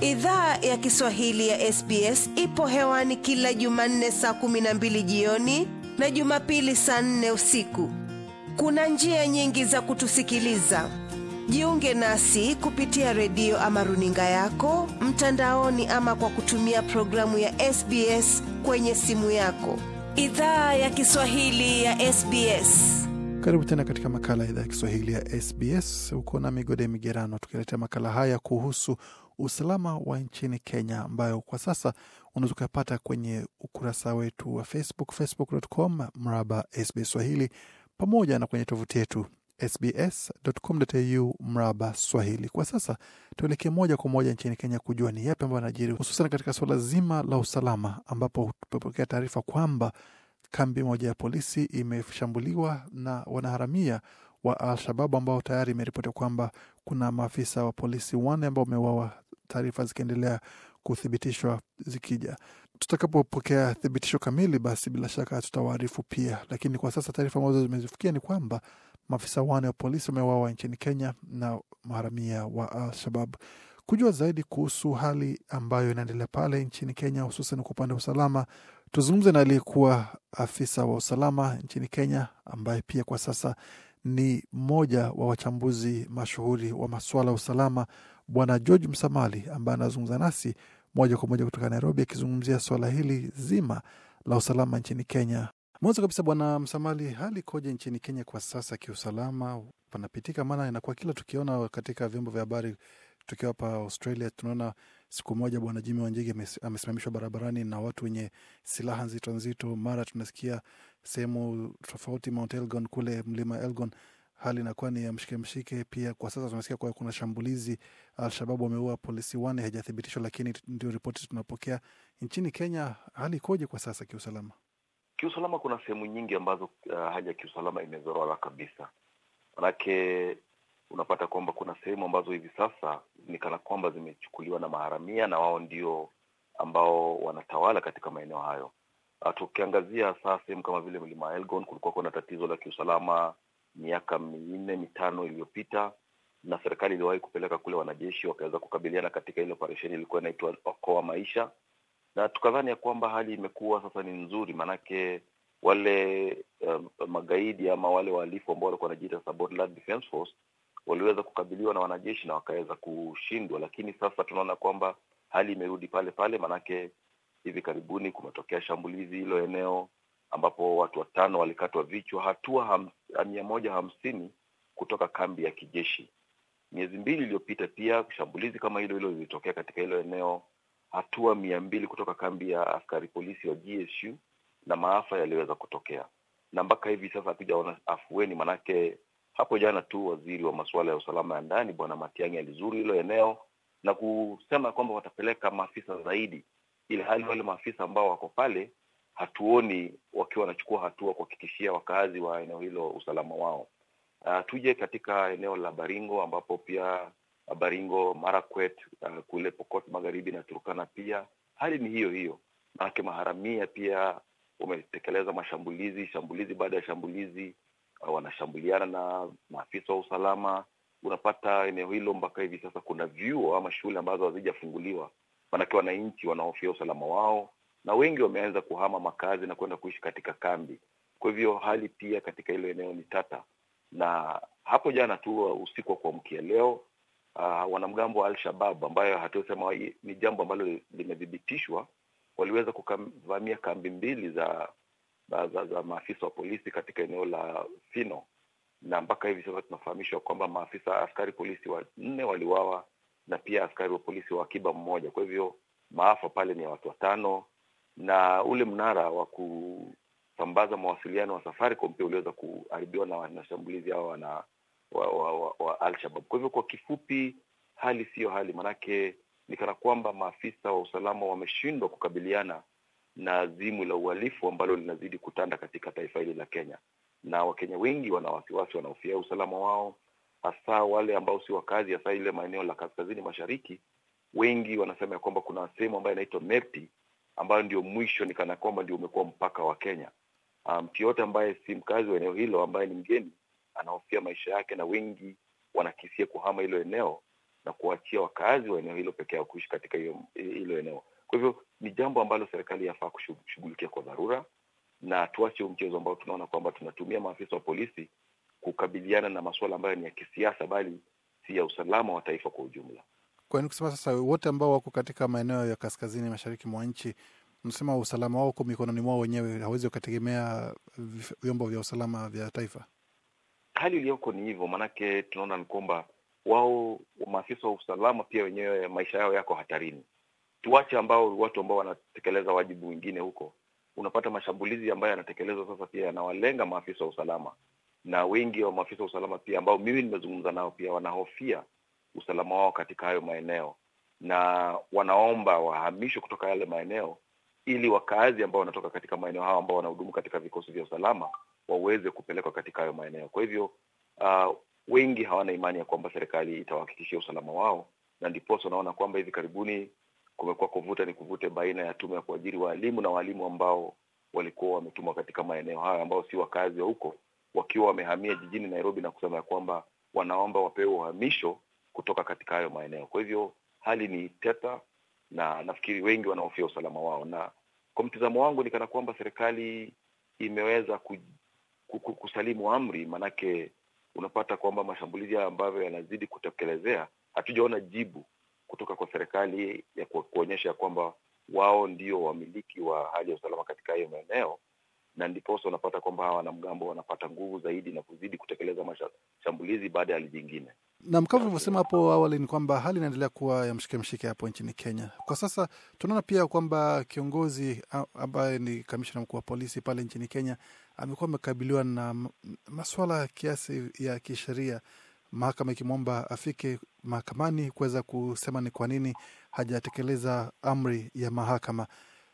Idhaa ya Kiswahili ya SBS ipo hewani kila Jumanne saa kumi na mbili jioni na Jumapili saa nne usiku. Kuna njia nyingi za kutusikiliza. Jiunge nasi kupitia redio ama runinga yako mtandaoni, ama kwa kutumia programu ya SBS kwenye simu yako. Idhaa ya Kiswahili ya SBS. Karibu tena katika makala ya idhaa ya Kiswahili ya SBS. Uko na Migode Migerano tukiletea makala haya kuhusu usalama wa nchini Kenya, ambayo kwa sasa unaweza ukapata kwenye ukurasa wetu wa Facebook, facebook.com mraba SB Swahili, pamoja na kwenye tovuti yetu sbs.com.au mraba Swahili. Kwa sasa tuelekee moja kwa moja nchini Kenya kujua ni yapi ambayo anajiri, hususan katika suala zima la usalama, ambapo tumepokea taarifa kwamba kambi moja ya polisi imeshambuliwa na wanaharamia wa Al-Shababu ambao tayari imeripotiwa kwamba kuna maafisa wa polisi wanne ambao wameuawa taarifa zikiendelea kuthibitishwa zikija. Tutakapopokea thibitisho kamili, basi bila shaka tutawaarifu pia, lakini kwa sasa taarifa ambazo zimezifikia ni kwamba maafisa wane wa polisi wameuawa nchini Kenya na maharamia wa Al-Shabab. Kujua zaidi kuhusu hali ambayo inaendelea pale nchini Kenya, hususan kwa upande wa usalama, tuzungumze na aliyekuwa afisa wa usalama nchini Kenya ambaye pia kwa sasa ni mmoja wa wachambuzi mashuhuri wa masuala ya usalama Bwana George Msamali ambaye anazungumza nasi moja kwa moja kutoka Nairobi, akizungumzia suala hili zima la usalama nchini Kenya. Mwanzo kabisa, Bwana Msamali, hali ikoje nchini Kenya kwa sasa kiusalama? Panapitika maana inakuwa kila tukiona katika vyombo vya habari, tukiwa hapa Australia tunaona siku moja Bwana Jimmy Wanjigi amesimamishwa barabarani na watu wenye silaha nzito nzito, mara tunasikia sehemu tofauti Mount Elgon kule mlima Elgon hali inakuwa ni ya mshike mshike. Pia kwa sasa tunasikia kwa kuna shambulizi, Alshababu wameua polisi wane, haijathibitishwa lakini ndio ripoti tunapokea. Nchini Kenya hali ikoje kwa sasa kiusalama? Kiusalama kuna sehemu nyingi ambazo uh, hali ya kiusalama imezorora kabisa, manake unapata kwamba kuna sehemu ambazo hivi sasa ni kana kwamba zimechukuliwa na maharamia na wao ndio ambao wanatawala katika maeneo hayo. Uh, tukiangazia hasa sehemu kama vile mlima Elgon, kulikuwa kuna tatizo la kiusalama miaka minne mitano iliyopita, na serikali iliwahi kupeleka kule wanajeshi wakaweza kukabiliana katika ile operesheni ilikuwa inaitwa Okoa Maisha, na tukadhani ya kwamba hali imekuwa sasa ni nzuri, maanake wale uh, magaidi ama wale wahalifu ambao walikuwa wanajiita Defense Force waliweza kukabiliwa na wanajeshi na wakaweza kushindwa, lakini sasa tunaona kwamba hali imerudi pale pale, maanake hivi karibuni kumetokea shambulizi hilo eneo ambapo watu watano walikatwa vichwa, hatua mia moja hamsini kutoka kambi ya kijeshi. Miezi mbili iliyopita pia shambulizi kama hilo hilo lilitokea katika hilo eneo, hatua mia mbili kutoka kambi ya askari polisi wa GSU na maafa yaliyoweza kutokea, na mpaka hivi sasa hatujaona afueni. Manake hapo jana tu waziri wa masuala ya usalama ya ndani Bwana Matiang'i alizuru hilo eneo na kusema kwamba watapeleka maafisa zaidi, ili hali wale maafisa ambao wako pale hatuoni wakiwa wanachukua hatua kuhakikishia wakazi wa eneo hilo usalama wao. Uh, tuje katika eneo la Baringo ambapo pia ah, Baringo, Marakwet, uh, kule Pokot Magharibi na Turkana pia hali ni hiyo hiyo, manake maharamia pia wametekeleza mashambulizi shambulizi baada ya shambulizi. Uh, wanashambuliana na maafisa wa usalama. Unapata eneo hilo mpaka hivi sasa kuna vyuo ama shule ambazo hazijafunguliwa, manake wananchi wanahofia usalama wao na wengi wameanza kuhama makazi na kwenda kuishi katika kambi. Kwa hivyo hali pia katika hilo eneo ni tata, na hapo jana tu uh, usiku wa kuamkia leo uh, wanamgambo wa Al-Shabab ambayo hatusema ni jambo ambalo limethibitishwa, waliweza kuvamia kambi mbili za za, za, za maafisa wa polisi katika eneo la Fino na mpaka hivi sasa tunafahamishwa kwamba maafisa askari polisi wanne waliwawa na pia askari wa polisi wa akiba mmoja. Kwa hivyo maafa pale ni ya watu watano na ule mnara wa kusambaza mawasiliano wa Safaricom pia uliweza kuharibiwa na wanashambulizi hao wana wa, wa, wa, wa Alshabab. Kwa hivyo kwa kifupi, hali siyo hali, manake ni kana kwamba maafisa wa usalama wameshindwa kukabiliana na zimu la uhalifu ambalo linazidi kutanda katika taifa hili la Kenya, na Wakenya wengi wana wasiwasi, wanahofia usalama wao, hasa wale ambao si wakazi, hasa ile maeneo la kaskazini mashariki. Wengi wanasema ya kwamba kuna sehemu ambayo inaitwa Merti ambayo ndio mwisho ni kana kwamba ndio umekuwa mpaka wa Kenya. Ah, mtu um, yote ambaye si mkazi wa eneo hilo ambaye ni mgeni anahofia maisha yake, na wengi wanakisia kuhama hilo eneo na kuachia wakazi wa eneo hilo peke yao kuishi katika hilo eneo. Kwa hivyo ni jambo ambalo serikali yafaa kushughulikia kwa dharura, na tuache mchezo ambao tunaona kwamba tunatumia maafisa wa polisi kukabiliana na masuala ambayo ni ya kisiasa, bali si ya usalama wa taifa kwa ujumla kwa nini kusema sasa wote ambao wako katika maeneo ya kaskazini mashariki mwa nchi mnasema usalama wao uko mikononi mwao wenyewe, hawezi ukategemea vyombo vya usalama vya taifa? Hali iliyoko ni hivyo, maanake tunaona ni kwamba wao maafisa wa usalama pia wenyewe maisha yao yako hatarini. tuwache ambao watu ambao wanatekeleza wajibu wengine huko, unapata mashambulizi ambayo yanatekelezwa sasa pia yanawalenga maafisa wa usalama, na wengi wa maafisa wa usalama pia ambao mimi nimezungumza nao pia wanahofia usalama wao katika hayo maeneo, na wanaomba wahamishwe kutoka yale maeneo ili wakaazi ambao wanatoka katika maeneo hao ambao wanahudumu katika vikosi vya usalama waweze kupelekwa katika hayo maeneo. Kwa hivyo uh, wengi hawana imani ya kwamba serikali itawahakikishia usalama wao, na ndiposa wanaona kwamba hivi karibuni kumekuwa kuvuta ni kuvute baina ya tume ya kuajiri waalimu na waalimu ambao walikuwa wametumwa katika maeneo hayo, ambao si wakazi wa huko, wakiwa wamehamia jijini Nairobi na kusema ya kwamba wanaomba wapewe uhamisho kutoka katika hayo maeneo. Kwa hivyo hali ni teta, na nafikiri wengi wanahofia usalama wao, na kwa mtizamo wangu ni kana kwamba serikali imeweza kusalimu amri, maanake unapata kwamba mashambulizi hayo ambavyo yanazidi kutekelezea, hatujaona jibu kutoka kwa serikali ya kuonyesha ya kwamba wao ndio wamiliki wa hali ya usalama katika hayo maeneo, na ndiposa unapata kwamba hawa wanamgambo wanapata nguvu zaidi na kuzidi kutekeleza mashambulizi baada ya hali jingine. Nam, kama ulivyosema hapo awali ni kwamba hali inaendelea kuwa ya mshike mshike hapo nchini Kenya kwa sasa. Tunaona pia kwamba kiongozi ambaye ni kamishna mkuu wa polisi pale nchini Kenya amekuwa amekabiliwa na maswala kiasi ya kisheria, mahakama ikimwomba afike mahakamani kuweza kusema ni kwa nini hajatekeleza amri ya mahakama.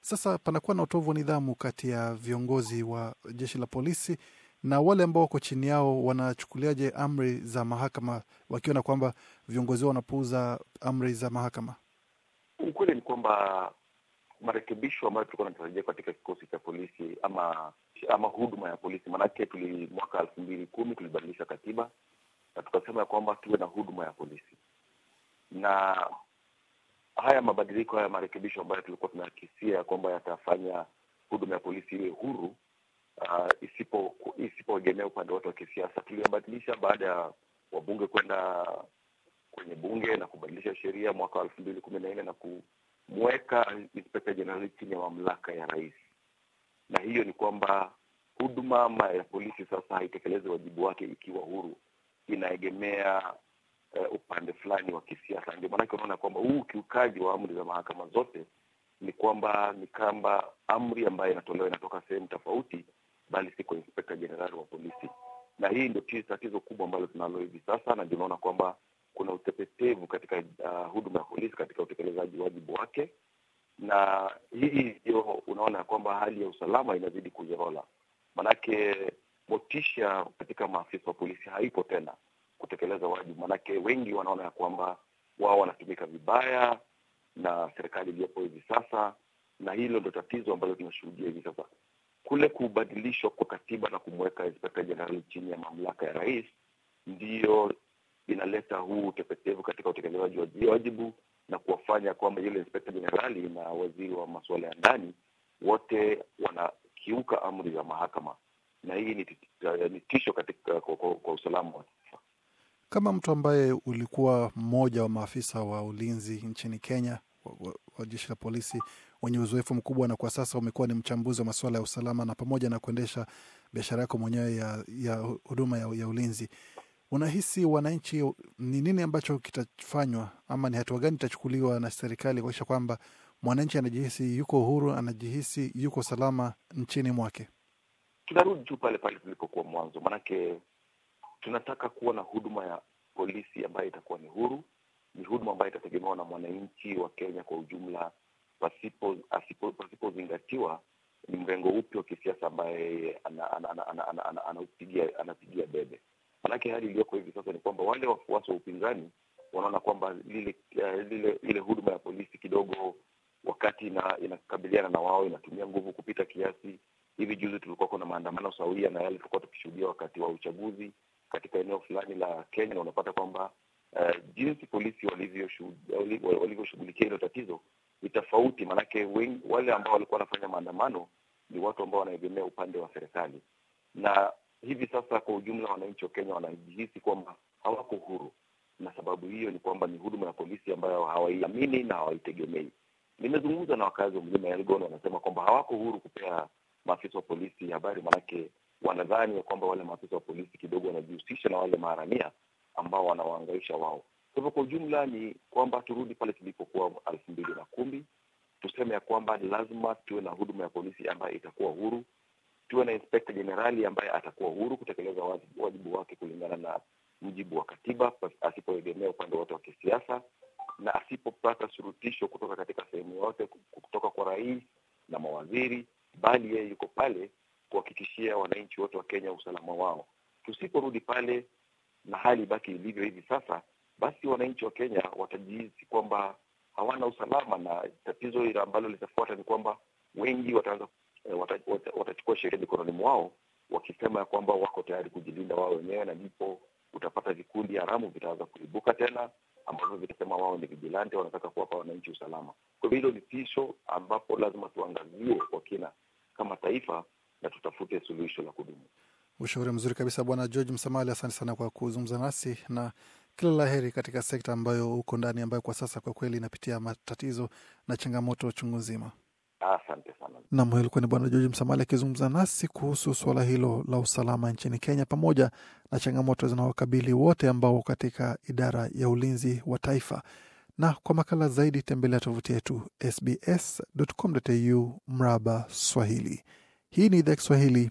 Sasa panakuwa na utovu wa nidhamu kati ya viongozi wa jeshi la polisi na wale ambao wako chini yao wanachukuliaje amri za mahakama wakiona kwamba viongozi wao wanapuuza amri za mahakama? Ukweli ni kwamba marekebisho ambayo tulikuwa natarajia katika kikosi cha polisi ama ama huduma ya polisi, maanake tuli mwaka elfu mbili kumi tulibadilisha katiba na tukasema ya kwamba tuwe na huduma ya polisi, na haya mabadiliko haya marekebisho ambayo tulikuwa tunakisia ya kwamba yatafanya huduma ya polisi iwe huru uh, isipoegemea upande wote wa kisiasa. Tuliyabadilisha baada ya wabunge kwenda kwenye bunge na kubadilisha sheria mwaka wa elfu mbili kumi na nne na kumweka inspekta jenerali chini ya mamlaka ya rais, na hiyo ni kwamba huduma ya polisi sasa haitekelezi wajibu wake ikiwa huru, inaegemea uh, upande fulani wa kisiasa. Ndio maanake unaona kwamba huu ukiukaji wa amri za mahakama zote ni kwamba ni kamba amri ambayo inatolewa inatoka sehemu tofauti bali si inspekta jenerali wa polisi. Na hii ndio tatizo kubwa ambalo tunalo hivi sasa, na ndio unaona kwamba kuna utepetevu katika uh, huduma ya polisi katika utekelezaji wajibu wake, na hii ndio unaona kwamba hali ya usalama inazidi kuzorola, manake motisha katika maafisa wa polisi haipo tena kutekeleza wajibu, manake wengi wanaona ya kwamba wao wanatumika vibaya na serikali iliyopo hivi sasa, na hilo ndo tatizo ambalo tunashuhudia hivi sasa kule kubadilishwa kwa katiba na kumweka inspekta jenerali chini ya mamlaka ya rais ndiyo inaleta huu utepetevu katika utekelezaji wa wajibu na kuwafanya kwamba yule inspekta jenerali na waziri wa masuala ya ndani wote wanakiuka amri za mahakama, na hii eh, ni tisho katika kwa, kwa, kwa usalama wa taifa. Kama mtu ambaye ulikuwa mmoja wa maafisa wa ulinzi nchini Kenya wa, wa, wa jeshi la polisi wenye uzoefu mkubwa, na kwa sasa umekuwa ni mchambuzi wa masuala ya usalama na pamoja na kuendesha biashara yako mwenyewe ya, ya huduma ya, ya ulinzi. Unahisi wananchi, ni nini ambacho kitafanywa ama ni hatua gani itachukuliwa na serikali kuakisha kwamba mwananchi anajihisi yuko uhuru, anajihisi yuko salama nchini mwake? Tunarudi tu pale pale tulipokuwa mwanzo, maanake tunataka kuwa na huduma ya polisi ambayo itakuwa ni huru, ni huduma ambayo itategemewa na mwananchi wa Kenya kwa ujumla, pasipozingatiwa ni mrengo upi wa kisiasa ambaye yeye anapigia debe. manake hali iliyoko hivi sasa ni kwamba wale wafuasi wa upinzani wanaona kwamba lile uh, lile ile huduma ya polisi kidogo, wakati ina, inakabiliana na wao inatumia nguvu kupita kiasi. Hivi juzi tulikuwa kuna maandamano sawia na yale tulikuwa tukishuhudia wakati wa uchaguzi katika eneo fulani la Kenya, na unapata kwamba uh, jinsi polisi walivyoshughulikia hilo tatizo ni tofauti, maanake wale ambao walikuwa wanafanya maandamano ni watu ambao wanaegemea upande wa serikali, na hivi sasa kwa ujumla wananchi wa Kenya wanajihisi kwamba hawako huru, na sababu hiyo ni kwamba ni huduma ya polisi ambayo hawaiamini na hawaitegemei. Nimezungumza na wakazi wa mlima Elgon, wanasema kwamba hawako huru kupea maafisa wa polisi habari, maanake wanadhani ya kwamba wale maafisa wa polisi kidogo wanajihusisha na wale maharamia ambao wanawaangaisha wao. Kwa hivyo kwa ujumla ni kwamba turudi pale tulipokuwa elfu mbili na kumi, tuseme ya kwamba ni lazima tuwe na huduma ya polisi ambayo itakuwa huru, tuwe na inspekta jenerali ambaye atakuwa huru kutekeleza wajibu wake kulingana na mujibu wa katiba, asipoegemea upande wote wa kisiasa na asipopata shurutisho kutoka katika sehemu yote kutoka kwa rais na mawaziri, bali yeye yuko pale kuhakikishia wananchi wote wa Kenya usalama wao. Tusiporudi pale na hali baki ilivyo hivi sasa basi wananchi wa Kenya watajihisi kwamba hawana usalama, na tatizo hili ambalo litafuata ni kwamba wengi wataanza watachukua eh, wata, wata sheria mikononi mwao wakisema ya kwamba wako tayari kujilinda wao wenyewe, na ndipo utapata vikundi haramu vitaanza kuibuka tena ambavyo vitasema wao ni vigilante, wanataka kuwapa wananchi usalama. Kwa hivyo hilo ni tisho ambapo lazima tuangazie kwa kina kama taifa na tutafute suluhisho la kudumu. Ushauri mzuri kabisa, Bwana George Msamali, asante sana kwa kuzungumza nasi na kila la heri katika sekta ambayo uko ndani, ambayo kwa sasa kwa kweli inapitia matatizo na changamoto chungu nzima. Asante sana. ilikuwa ni Bwana George Msamali akizungumza nasi kuhusu suala hilo la usalama nchini Kenya, pamoja na changamoto zinawakabili wote ambao katika idara ya ulinzi wa taifa. Na kwa makala zaidi tembelea tovuti yetu sbs.com.au mraba Swahili. Hii ni idhaa Kiswahili